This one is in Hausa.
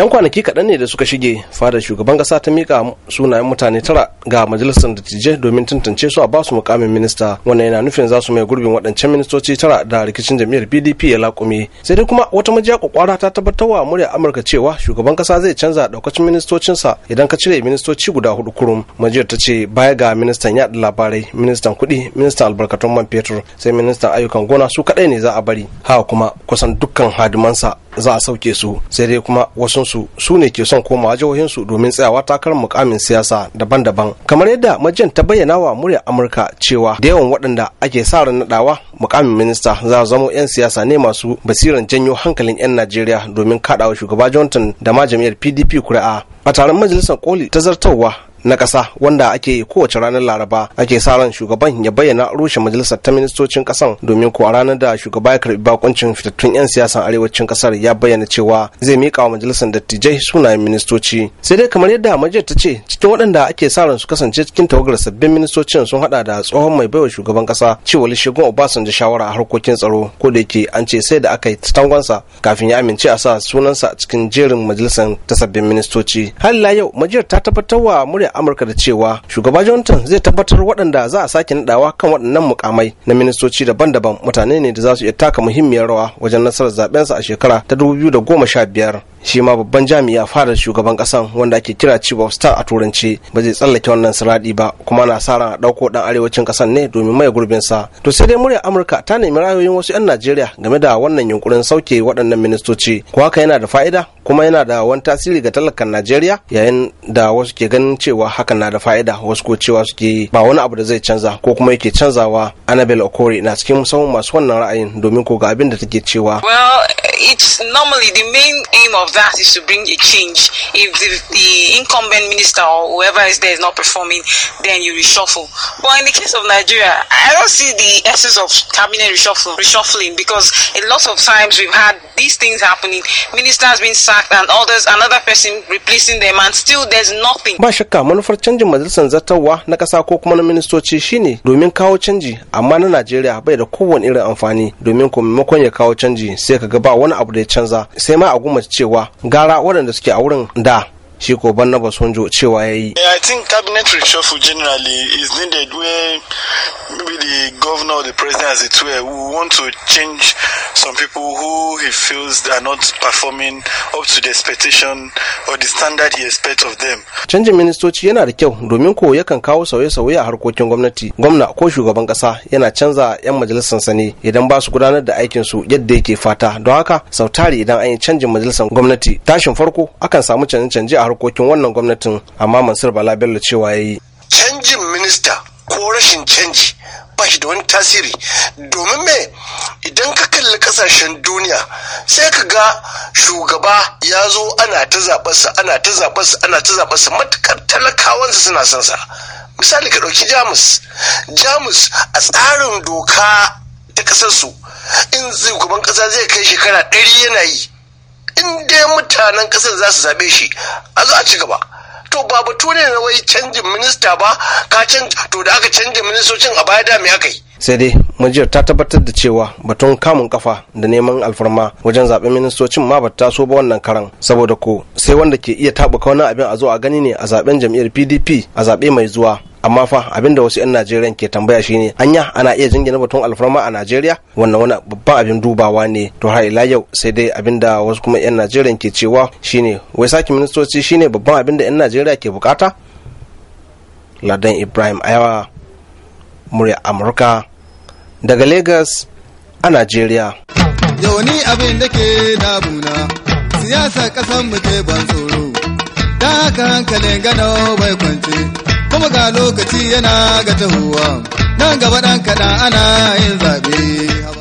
'yan kwanaki kaɗan ne da suka shige fadar shugaban ƙasa ta mika sunayen mutane tara ga majalisar dattijai domin tantance su a basu mukamin minista wannan yana nufin za su mai gurbin waɗancan ministoci tara da rikicin jam'iyyar pdp ya laƙume sai dai kuma wata majiya kwakwara ta tabbatar wa murya amurka cewa shugaban ƙasa zai canza ɗaukacin ministocinsa idan ka cire ministoci guda hudu kurum majiyar ta ce baya ga ministan yaɗa labarai ministan kuɗi ministan albarkatun man fetur sai ministan ayyukan gona su kaɗai ne za a bari haka kuma kusan dukkan hadimansa za a sauke su sai dai kuma wasunsu su ne ke son komawa jihohin su domin tsayawa takarar mukamin siyasa daban-daban kamar yadda majiyar ta bayyana wa muryar amurka cewa da yawan waɗanda ake sa ran naɗawa mukamin minista za a zamo 'yan siyasa ne masu basiran janyo hankalin 'yan najeriya domin kaɗawa shugaba johnson da ma jam'iyyar pdp kuri'a a taron majalisar koli ta zartarwa na ƙasa wanda ake kowace ranar laraba ake sa ran shugaban ya bayyana rushe majalisar ta ministocin ƙasan domin ko a ranar da shugaba ya karbi bakuncin fitattun 'yan siyasan arewacin ƙasar ya bayyana cewa zai miƙa wa majalisar dattijai sunayen ministoci sai dai kamar yadda majiyar ta ce cikin waɗanda ake sa ran su kasance cikin tawagar sabbin ministocin sun haɗa da tsohon mai baiwa shugaban ƙasa cewa lishigun obasanjo shawara a harkokin tsaro ko da yake an ce sai da aka yi tangonsa kafin ya amince a sa sunansa cikin jerin majalisar ta sabbin ministoci har yau majiyar ta tabbatar wa murya amurka da cewa shugaba johnson zai tabbatar waɗanda za a sake nadawa kan waɗannan mukamai na ministoci daban-daban mutane ne da za su iya taka muhimmiyar rawa wajen nasarar zabensa a shekara ta 2015 shi ma babban jami'a fara shugaban kasan wanda ake kira chief of star a turanci ba zai tsallake wannan siradi ba kuma na sa ran a ɗauko ɗan arewacin kasan ne domin maye sa, to sai dai muryar amurka ta nemi ra'ayoyin wasu 'yan najeriya game da wannan yunkurin sauke waɗannan ministoci ko haka yana da fa'ida kuma yana da wani tasiri ga talakan najeriya yayin da wasu ke ganin cewa hakan na da fa'ida wasu ko cewa suke ba wani abu da zai canza ko kuma yake canzawa annabel okori na cikin musamman masu wannan ra'ayin domin ko ga abin da take cewa well it's normally the main aim of that is to bring a change if the, the incumbent minister or whoever is there is not performing then you reshuffle but in the case of nigeria i don't see the essence of cabinet reshuffling reshuffling because a lot of times we've had these things happening ministers being sacked sacked and others another person replacing them and still there's nothing. Ba shakka manufar canjin majalisar zartarwa na kasa ko kuma na ministoci shine domin kawo canji amma na Najeriya bai da kowane irin amfani domin ko maimakon ya kawo canji sai ka ga ba wani abu da ya canza sai ma a gumace cewa gara waɗanda suke a wurin da shi ko na basonjo cewa ya yi. I think cabinet reshuffle generally is needed where maybe the governor or the president, as it were, will want to change some people who he feels are not performing up to the expectation or the standard he expects of them. Canjin ministoci yana da kyau domin ko yakan kawo sauye-sauye a harkokin gwamnati. Gwamna ko shugaban kasa yana canza 'yan majalisar sani idan ba su gudanar da aikinsu yadda yake fata. Don haka sau tari idan an yi canjin majalisar gwamnati tashin farko akan samu canje-canje a harkokin wannan gwamnatin amma Mansur Bala Bello cewa ya yi. Canjin minista ko rashin canji ba shi da wani tasiri domin me idan ka kalli kasashen duniya sai ka ga shugaba ya zo ana ta zaɓarsa ana ta zaɓarsa ana ta zaɓarsa matukar talakawansa suna son sa misali ka ɗauki jamus jamus a tsarin doka ta ƙasarsu in shugaban ƙasa zai kai shekara ɗari yana yi in dai mutanen ƙasar za su zaɓe shi a zo a ci gaba to ba batu ne na wai canjin minista ba ka can to da aka canja ministocin a baya da me aka yi sai dai majiyar ta tabbatar da cewa batun kamun kafa da neman alfarma wajen zaɓen ministocin ma ba taso ba wannan karan saboda ko sai wanda ke iya taɓuka wani abin a zo a gani ne a zaɓen jam'iyyar pdp a zaɓe mai zuwa amma fa da wasu 'yan najeriya ke tambaya shine anya ana iya jingina batun alfarma a najeriya wannan wani babban abin dubawa ne to har ila yau sai dai abinda wasu kuma 'yan najeriya ke cewa shine wai sake ministoci shine babban abinda 'yan najeriya ke bukata ladan ibrahim ayawa murya amurka daga lagos a najeriya yau ni abin da ke damuna siyasa kasan mu ke ban tsoro da haka hankalin gano bai kwance kuma ga lokaci yana ga tahuwa nan gaba dan kaɗa ana yin zaɓe